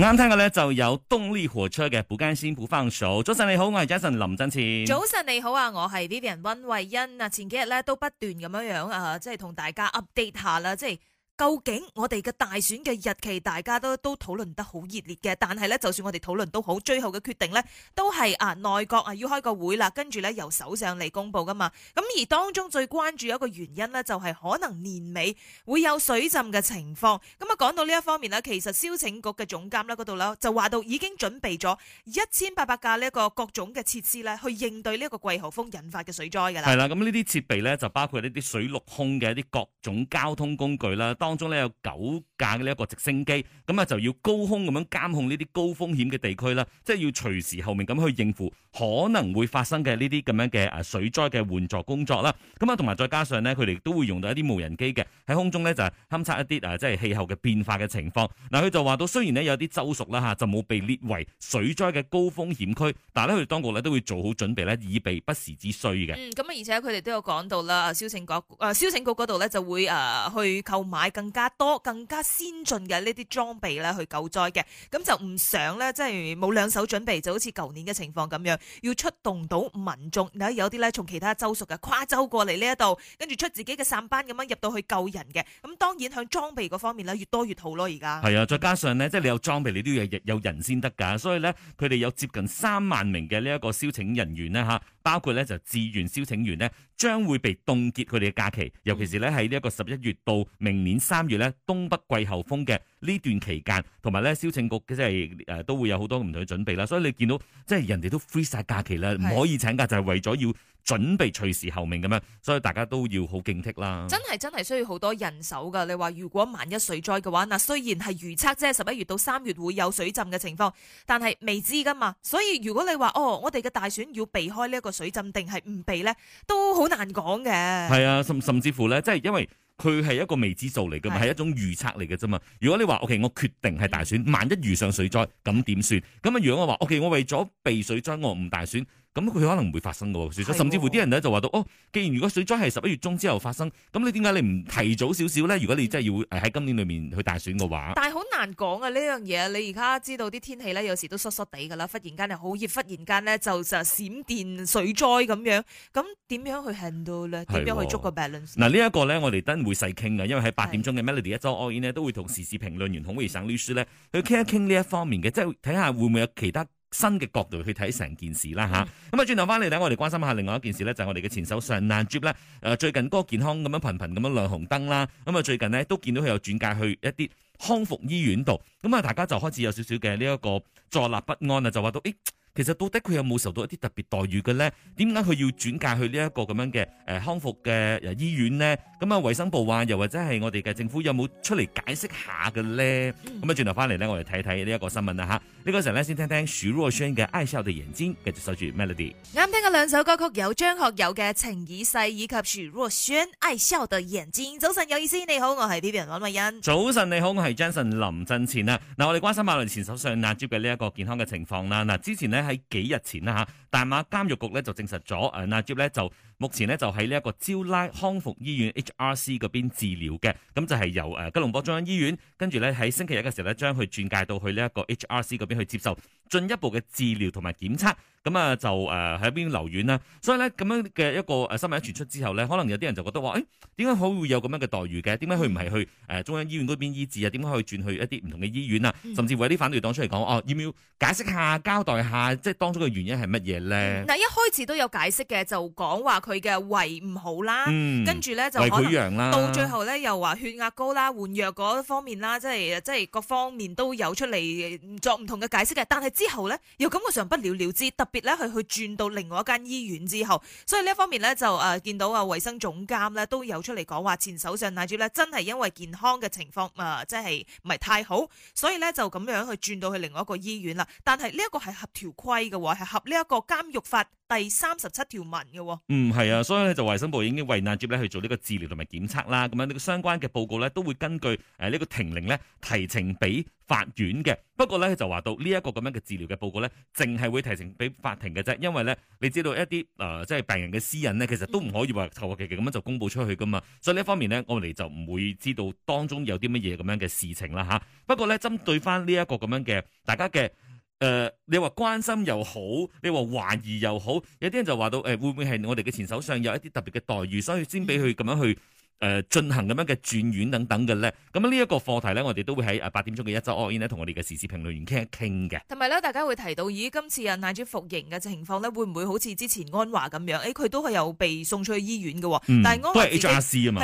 啱聽嘅呢就有動力火車嘅《不甘心不放手》。早晨你好，我係 Jason 林振前。早晨你好啊，我係 Vivian 溫慧欣啊。前幾日呢都不斷咁樣樣啊，即係同大家 update 下啦，即究竟我哋嘅大選嘅日期，大家都都討論得好熱烈嘅。但係咧，就算我哋討論到好，最後嘅決定咧，都係啊內閣啊要開個會啦，跟住咧由首相嚟公布噶嘛。咁而當中最關注一個原因咧，就係可能年尾會有水浸嘅情況。咁啊，講到呢一方面呢其實消拯局嘅總監呢嗰度啦就話到已經準備咗一千八百架呢一個各種嘅設施呢去應對呢一個季候風引發嘅水災噶啦。係啦，咁呢啲設備咧就包括呢啲水陸空嘅一啲各種交通工具啦，當中咧有九架嘅呢一個直升機，咁啊就要高空咁樣監控呢啲高風險嘅地區啦，即係要隨時後面咁去應付可能會發生嘅呢啲咁樣嘅誒水災嘅援助工作啦。咁啊，同埋再加上呢，佢哋都會用到一啲無人機嘅喺空中咧就係勘測一啲誒即係氣候嘅變化嘅情況。嗱，佢就話到雖然呢，有啲州屬啦吓就冇被列為水災嘅高風險區，但係呢，佢哋當局咧都會做好準備咧，以備不時之需嘅。嗯，咁啊而且佢哋都有講到啦，消防局誒消防局嗰度咧就會誒、呃、去購買。更加多、更加先進嘅呢啲裝備咧，去救災嘅。咁就唔想咧，即係冇兩手準備，就好似舊年嘅情況咁樣，要出動到民眾，你有啲咧從其他州屬嘅跨州過嚟呢一度，跟住出自己嘅散班咁樣入到去救人嘅。咁當然向裝備嗰方面咧，越多越好咯。而家係啊，再加上呢，即係你有裝備，你都要有人先得㗎，所以呢，佢哋有接近三萬名嘅呢一個消拯人員呢。包括咧就自願消拯員咧，將會被凍結佢哋嘅假期，尤其是咧喺呢一個十一月到明年三月咧東北季候風嘅呢段期間，請有同埋咧消拯局即係誒都會有好多唔同嘅準備啦。所以你見到即係人哋都 freeze 晒假期啦，唔可以請假就係、是、為咗要。準備隨時候命咁樣，所以大家都要好警惕啦。真係真係需要好多人手噶。你話如果萬一水災嘅話，嗱雖然係預測，即係十一月到三月會有水浸嘅情況，但係未知噶嘛。所以如果你話哦，我哋嘅大選要避開呢一個水浸定係唔避呢，都好難講嘅。係啊，甚甚至乎呢，即係因為佢係一個未知數嚟嘅嘛，係、啊、一種預測嚟嘅啫嘛。如果你話，O K，我決定係大選，萬一遇上水災咁點算？咁啊，如果我話，O K，我為咗避水災，我唔大選。咁佢可能唔會發生噶，甚至乎啲人咧就話到哦，既然如果水災係十一月中之後發生，咁你點解你唔提早少少咧？如果你真係要喺今年裏面去大選嘅話，但係好難講啊！呢樣嘢你而家知道啲天氣咧，有時都濕濕地噶啦，忽然間係好熱，忽然間咧就就閃電水災咁樣，咁點樣去 handle 咧？點的樣去捉個 balance？嗱，呢一、啊呢個咧，我哋等會細傾啊，因為喺八點鐘嘅 Melody 一周，開演咧，都會同時事評論員孔、嗯、慧省律師咧去傾一傾呢一方面嘅，即係睇下會唔會有其他。新嘅角度去睇成件事啦，吓咁啊！轉頭翻嚟睇，我哋關心下另外一件事咧，就係、是、我哋嘅前首相難珠咧，誒、呃，最近嗰個健康咁樣頻頻咁樣亮紅燈啦，咁啊、嗯、最近咧都見到佢有轉嫁去一啲康復醫院度，咁、嗯、啊大家就開始有少少嘅呢一個坐立不安啊，就話到，誒、欸，其實到底佢有冇受到一啲特別待遇嘅咧？點解佢要轉嫁去呢一個咁樣嘅誒、呃、康復嘅醫院咧？咁啊衛生部啊，又或者係我哋嘅政府有冇出嚟解釋下嘅咧？咁啊轉頭翻嚟咧，我哋睇睇呢一個新聞啦，吓。這個呢個時候咧，先聽聽徐若瑄嘅《愛笑的眼睛》，繼續守住 Melody。啱聽嘅兩首歌曲有張學友嘅《情已逝》以及徐若瑄《愛笑的眼睛》。早晨有意思，你好，我係呢邊 Peter 溫慧欣。早晨你好，我係 Jason 林俊前啊。嗱，我哋關心馬來前首相納吉嘅呢一個健康嘅情況啦。嗱，之前呢，喺幾日前啦吓、啊，大馬監獄局咧就證實咗，誒、啊，納吉咧就。目前咧就喺呢一個招拉康復醫院 HRC 嗰邊治療嘅，咁就係由誒吉隆坡中央醫院，跟住咧喺星期日嘅時候咧，將佢轉介到去呢一個 HRC 嗰邊去接受進一步嘅治療同埋檢測。咁啊就誒喺邊留院啦，所以咧咁樣嘅一個誒新聞一傳出之後咧，可能有啲人就覺得話誒點解佢會有咁樣嘅待遇嘅？點解佢唔係去誒中央醫院嗰邊醫治啊？點解可以轉去一啲唔同嘅醫院啊？嗯、甚至乎有啲反對黨出嚟講哦，要唔要解釋下、交代下，即係當中嘅原因係乜嘢咧？嗱、嗯，一開始都有解釋嘅，就講話佢嘅胃唔好啦，跟住咧就胃潰瘍啦，到最後咧又話血壓高啦、換藥嗰方面啦，即係即係各方面都有出嚟作唔同嘅解釋嘅。但係之後咧，又感覺上不了了之，特。別咧，去去轉到另外一間醫院之後，所以呢一方面呢，就、呃、誒見到啊衛生總監呢都有出嚟講話，前首相娜珠呢，真係因為健康嘅情況啊、呃，即係唔係太好，所以呢，就咁樣去轉到去另外一個醫院啦。但係呢一個係合條規嘅，係合呢一個監獄法第三十七條文嘅。嗯，係啊，所以呢，就衛生部已經為娜珠呢去做呢個治療同埋檢測啦。咁樣呢個相關嘅報告呢，都會根據誒呢個停令呢，提呈俾。法院嘅，不過咧就話到呢一個咁樣嘅治療嘅報告咧，淨係會提呈俾法庭嘅啫，因為咧，你知道一啲誒、呃、即係病人嘅私隱咧，其實都唔可以話求求其其咁樣就公佈出去噶嘛，所以呢一方面咧，我哋就唔會知道當中有啲乜嘢咁樣嘅事情啦嚇。不過咧，針對翻呢一個咁樣嘅大家嘅誒、呃，你話關心又好，你話懷疑又好，有啲人就話到誒、呃，會唔會係我哋嘅前手上有一啲特別嘅待遇，所以先俾佢咁樣去。誒、呃、進行咁樣嘅轉院等等嘅咧，咁呢一個課題咧，我哋都會喺八點鐘嘅一週惡煙咧，同我哋嘅時事評論員傾一傾嘅。同埋咧，大家會提到，咦，今次納吉服刑嘅情況咧，會唔會好似之前安華咁樣？佢、哎、都係有被送出去醫院嘅。嗯。但係安華係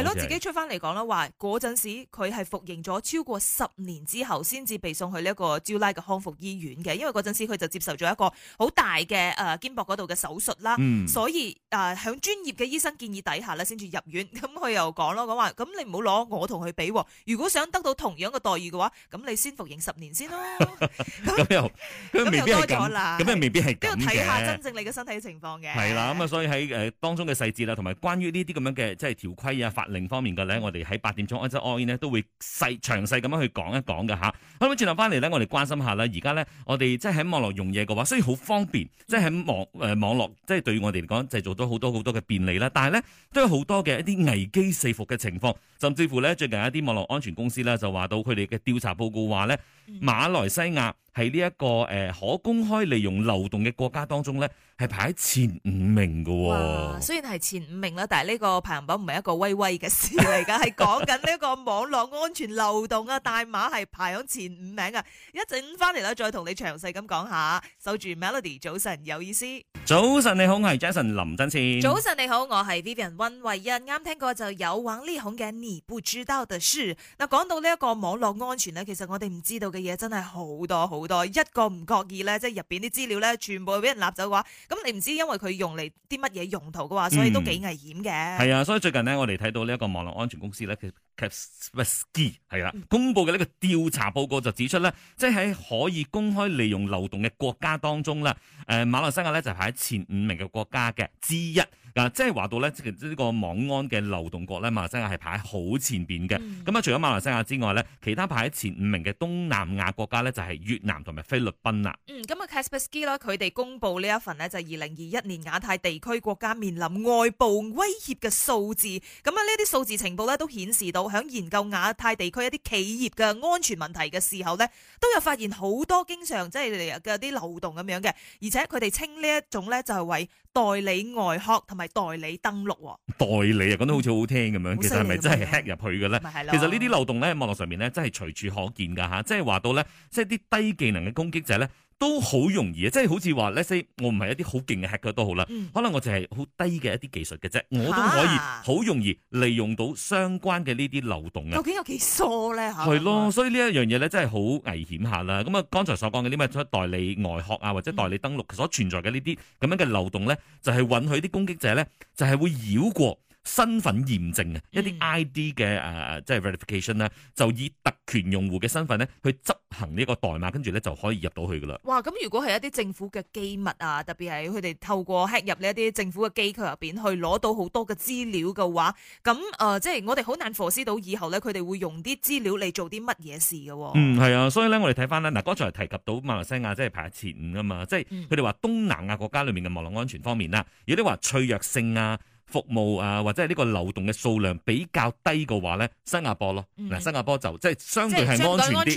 咯，的自己出翻嚟講啦，話嗰陣時佢係服刑咗超過十年之後，先至被送去呢一個焦拉嘅康復醫院嘅。因為嗰陣時佢就接受咗一個好大嘅誒、呃、肩膊嗰度嘅手術啦，嗯、所以誒喺、呃、專業嘅醫生建議底下咧，先至入院。咁佢又講。講咯，講話咁你唔好攞我同佢比。如果想得到同樣嘅待遇嘅話，咁你先服刑十年先咯。咁 又咁又多咗啦，咁 又未必係咁嘅。 要睇下真正你嘅身體情況嘅。係啦，咁啊，所以喺誒當中嘅細節啦，同埋關於呢啲咁樣嘅即係條規啊、法令方面嘅咧，我哋喺八點鐘 I N I N 咧都會細詳細咁去講一講嘅吓。可唔可以轉頭翻嚟咧，我哋關心下啦。而家咧，我哋即係喺網絡用嘢嘅話，雖然好方便，即係喺網誒網絡，即係對我哋嚟講，製造咗好多好多嘅便利啦。但係咧，都有好多嘅一啲危機四。服嘅情況，甚至乎咧，最近一啲網絡安全公司咧，就話到佢哋嘅調查報告話咧，馬來西亞。喺呢一個誒、呃、可公開利用漏洞嘅國家當中咧，係排喺前五名嘅、哦。哇！雖然係前五名啦，但係呢個排行榜唔係一個威威嘅事嚟噶，係講緊呢一個網絡安全漏洞啊，大碼係排喺前五名啊！一陣翻嚟啦，再同你詳細咁講下。守住 Melody，早晨有意思。早晨你好，我係 Jason 林振先。早晨你好，我係 Vivian 温慧欣。啱聽過就有王力宏嘅你不知道的事。嗱，講到呢一個網絡安全咧，其實我哋唔知道嘅嘢真係好多好。一個唔覺意咧，即係入邊啲資料咧，全部俾人擸走嘅話，咁你唔知因為佢用嚟啲乜嘢用途嘅話，所以都幾危險嘅。係、嗯、啊，所以最近咧，我哋睇到呢一個網絡安全公司咧，佢 Kaspersky 係啦，公布嘅呢個調查報告就指出呢，即係喺可以公開利用漏洞嘅國家當中呢，誒馬來西亞呢就排喺前五名嘅國家嘅之一。嗱、嗯，即係話到咧，呢個網安嘅漏洞國呢，馬來西亞係排喺好前邊嘅。咁啊、嗯，除咗馬來西亞之外呢，其他排喺前五名嘅東南亞國家呢，就係越南同埋菲律賓啦。嗯，咁啊 Kaspersky 啦，佢哋公布呢一份呢就係二零二一年亞太地區國家面臨外部威脅嘅數字。咁啊，呢啲數字情報呢都顯示到。響研究亞太地區一啲企業嘅安全問題嘅時候咧，都有發現好多經常即係嘅啲漏洞咁樣嘅，而且佢哋稱呢一種咧就係為代理外殼同埋代理登錄代理啊，講得好似好聽咁樣，嗯、其實係咪真係 hack 入去嘅咧？其實呢啲漏洞咧，喺網絡上面咧真係隨處可見噶吓，即係話到咧，即係啲低技能嘅攻擊者咧。都好容易啊，即係好似話，let's say 我唔係一啲好勁嘅黑 i 都好啦，可能我就係好低嘅一啲技術嘅啫，我都可以好容易利用到相關嘅呢啲漏洞究竟有幾疏咧？吓，係咯，所以呢一樣嘢咧，真係好危險下啦。咁啊，剛才所講嘅啲咩代理外殼啊，或者代理登錄所存在嘅呢啲咁樣嘅漏洞咧，就係、是、允許啲攻擊者咧，就係會繞過。身份驗證、嗯、啊，一、就、啲、是、ID 嘅即係 verification 咧，就以特權用戶嘅身份咧，去執行呢個代碼，跟住咧就可以入到去噶啦。哇！咁如果係一啲政府嘅機密啊，特別係佢哋透過 hack 入呢一啲政府嘅機構入面去攞到好多嘅資料嘅話，咁、呃、即係我哋好難 foresight 到以後咧，佢哋會用啲資料嚟做啲乜嘢事嘅、啊。嗯，係啊，所以咧，我哋睇翻咧，嗱，剛才提及到馬來西亞即係排前五㗎嘛，即係佢哋話東南亞國家裏面嘅網絡安全方面啦、啊，有啲話脆弱性啊。服務啊，或者係呢個漏洞嘅數量比較低嘅話咧，新加坡咯，嗱，新加坡就即係相對係安全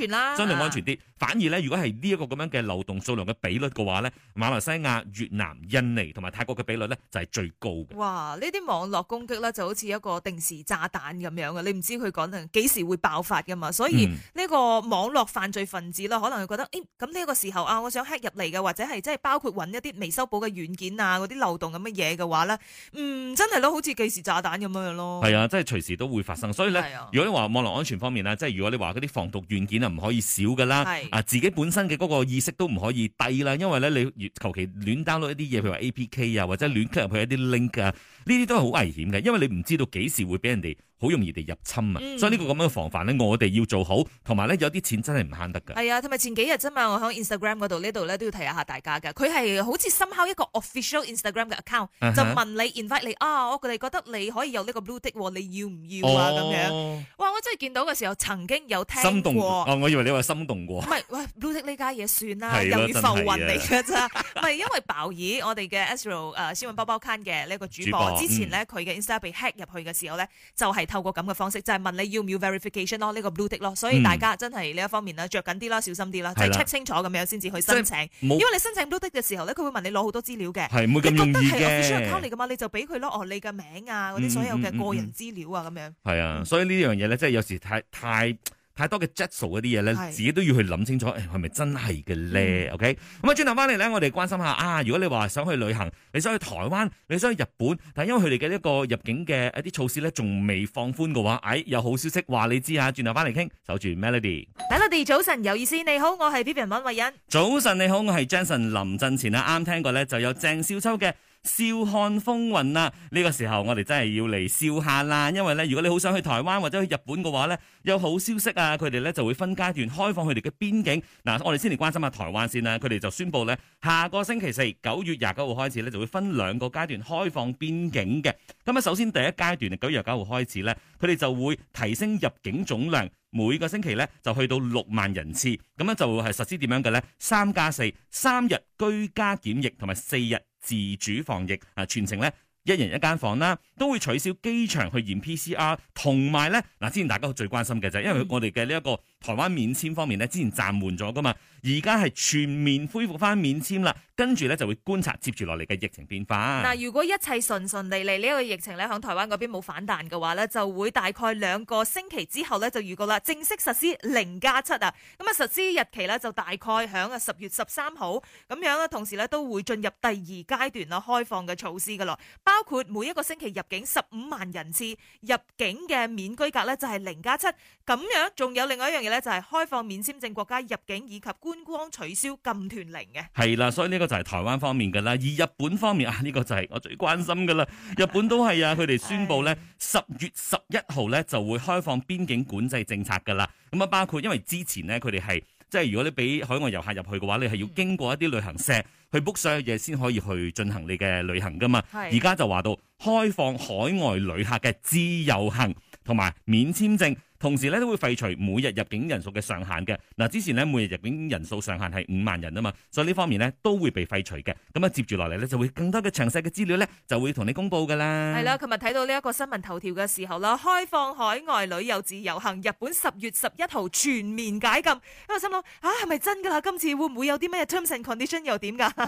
啲，相對安全啲。反而咧，如果係呢一個咁樣嘅漏洞數量嘅比率嘅話咧，馬來西亞、越南、印尼同埋泰國嘅比率咧就係最高嘅。哇，呢啲網絡攻擊咧就好似一個定時炸彈咁樣嘅，你唔知佢講緊幾時會爆發噶嘛。所以呢個網絡犯罪分子咧，可能佢覺得，誒，咁呢個時候啊，我想 hack 入嚟嘅，或者係即係包括揾一啲未修補嘅軟件啊，嗰啲漏洞咁嘅嘢嘅話咧，嗯，真。係咯，好似計時炸彈咁樣樣咯。係啊，即係隨時都會發生。所以咧，啊、如果你話網絡安全方面啦，即係如果你話嗰啲防毒軟件啊，唔可以少噶啦。啊是，自己本身嘅嗰個意識都唔可以低啦。因為咧，你求其亂 download 一啲嘢，譬如話 A P K 啊，或者亂 click 入去一啲 link 啊，呢啲都係好危險嘅。因為你唔知道幾時會俾人哋好容易地入侵啊！所以呢個咁樣嘅防範咧，我哋要做好，同埋咧，有啲錢真係唔慳得㗎。係啊，同埋前幾日啫嘛，我喺 Instagram 嗰度呢度咧，都要提下下大家㗎。佢係好似深考一個 official Instagram 嘅 account，就問你 invite 你啊，我哋覺得你可以有呢個 blue tick 喎，你要唔要啊？咁樣哇！我真係見到嘅時候，曾經有聽過。哦，我以為你話心動過。唔係喂，blue tick 呢家嘢算啦，又要浮雲嚟㗎咋？唔係因為爆耳，我哋嘅 Astro l 新允包包 c 嘅呢個主播，之前呢，佢嘅 Instagram 被 hack 入去嘅時候咧，就係。透過咁嘅方式就係問你要唔要 verification 咯，呢個 blue tick 咯，所以大家真係呢一方面咧著緊啲啦，小心啲啦，即係 check 清楚咁樣先至去申請。因為你申請 blue tick 嘅時候咧，佢會問你攞好多資料嘅。係唔會咁容易嘅。你覺得係我信用卡嚟噶嘛？你就俾佢咯，哦，你嘅名啊，嗰啲所有嘅個人資料啊，咁樣。係啊，所以呢樣嘢咧，即係有時太太。太多嘅 jazz 嗰啲嘢咧，是自己都要去諗清楚，誒、哎，係咪真係嘅咧？OK，咁啊，轉頭翻嚟咧，我哋關心下啊，如果你話想去旅行，你想去台灣，你想去日本，但因為佢哋嘅一個入境嘅一啲措施咧，仲未放寬嘅話，誒、哎，有好消息話你知啊，轉頭翻嚟傾，守住 Melody，Melody 早晨有意思，你好，我係 Vivian 文慧欣，早晨你好，我係 Jason 林振前啊，啱聽過咧，就有鄭少秋嘅。笑看風雲啊！呢個時候我哋真係要嚟笑下啦，因為呢，如果你好想去台灣或者去日本嘅話呢，有好消息啊！佢哋呢就會分階段開放佢哋嘅邊境。嗱，我哋先嚟關心下台灣先啦。佢哋就宣佈呢，下個星期四九月廿九號開始呢，就會分兩個階段開放邊境嘅。咁啊，首先第一階段九月廿九號開始呢，佢哋就會提升入境總量，每個星期呢就去到六萬人次。咁樣就係實施點樣嘅呢？三加四，三日居家檢疫同埋四日自主防疫啊，全程咧一人一間房啦，都會取消機場去驗 PCR，同埋咧嗱，之前大家最關心嘅就係因為我哋嘅呢一個台灣免簽方面咧，之前暫緩咗㗎嘛。而家係全面恢復返免簽啦，跟住咧就會觀察接住落嚟嘅疫情變化。嗱，如果一切順順利利，呢一個疫情呢，響台灣嗰邊冇反彈嘅話呢，就會大概兩個星期之後呢，就預告啦，正式實施零加七啊！咁啊，實施日期呢，就大概響啊十月十三號咁樣呢，同時呢，都會進入第二階段啦，開放嘅措施嘅咯，包括每一個星期入境十五萬人次入境嘅免居格呢，就係零加七咁樣，仲有另外一樣嘢呢，就係開放免簽證國家入境以及。觀光取消禁團令嘅，係啦，所以呢個就係台灣方面噶啦，而日本方面啊，呢個就係我最關心噶啦。日本都係啊，佢哋宣佈呢，十月十一號呢就會開放邊境管制政策噶啦。咁啊，包括因為之前呢，佢哋係即係如果你俾海外遊客入去嘅話，你係要經過一啲旅行社去 book 所有嘢先可以去進行你嘅旅行噶嘛。而家的就話到開放海外旅客嘅自由行同埋免簽證。同時咧都會廢除每日入境人數嘅上限嘅。嗱，之前呢，每日入境人數上限係五萬人啊嘛，所以呢方面呢，都會被廢除嘅。咁啊，接住落嚟呢，就會更多嘅詳細嘅資料呢，就會同你公布噶啦。係啦，琴日睇到呢一個新聞頭條嘅時候啦，開放海外旅遊自由行，日本十月十一號全面解禁。因為心諗嚇係咪真㗎啦？今次會唔會有啲咩 terms and condition 又點㗎？係、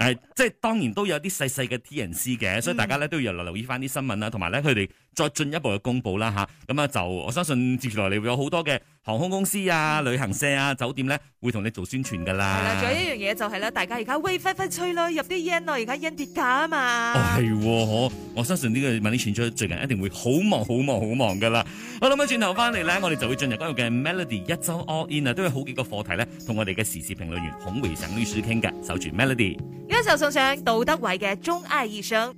哎、即係當然都有啲細細嘅 T N C 嘅，所以大家呢，都要留留意翻啲新聞啦，同埋咧佢哋。再進一步嘅公佈啦吓，咁啊就我相信接住來你會有好多嘅航空公司啊、旅行社啊、酒店咧，會同你做宣傳噶啦。係啦，仲有一樣嘢就係、是、啦，大家而家喂快快脆咯，入啲煙咯，而家煙跌價啊嘛。哦係，我我相信呢個萬里傳説最近一定會好忙好忙好忙噶啦。好，咁啊轉頭翻嚟咧，我哋就會進入今日嘅 Melody 一周 All In 啊，都有好幾個課題咧，同我哋嘅時事評論員孔維勝女士傾嘅，守住 Melody。一首就送上杜德偉嘅《鍾愛一生》。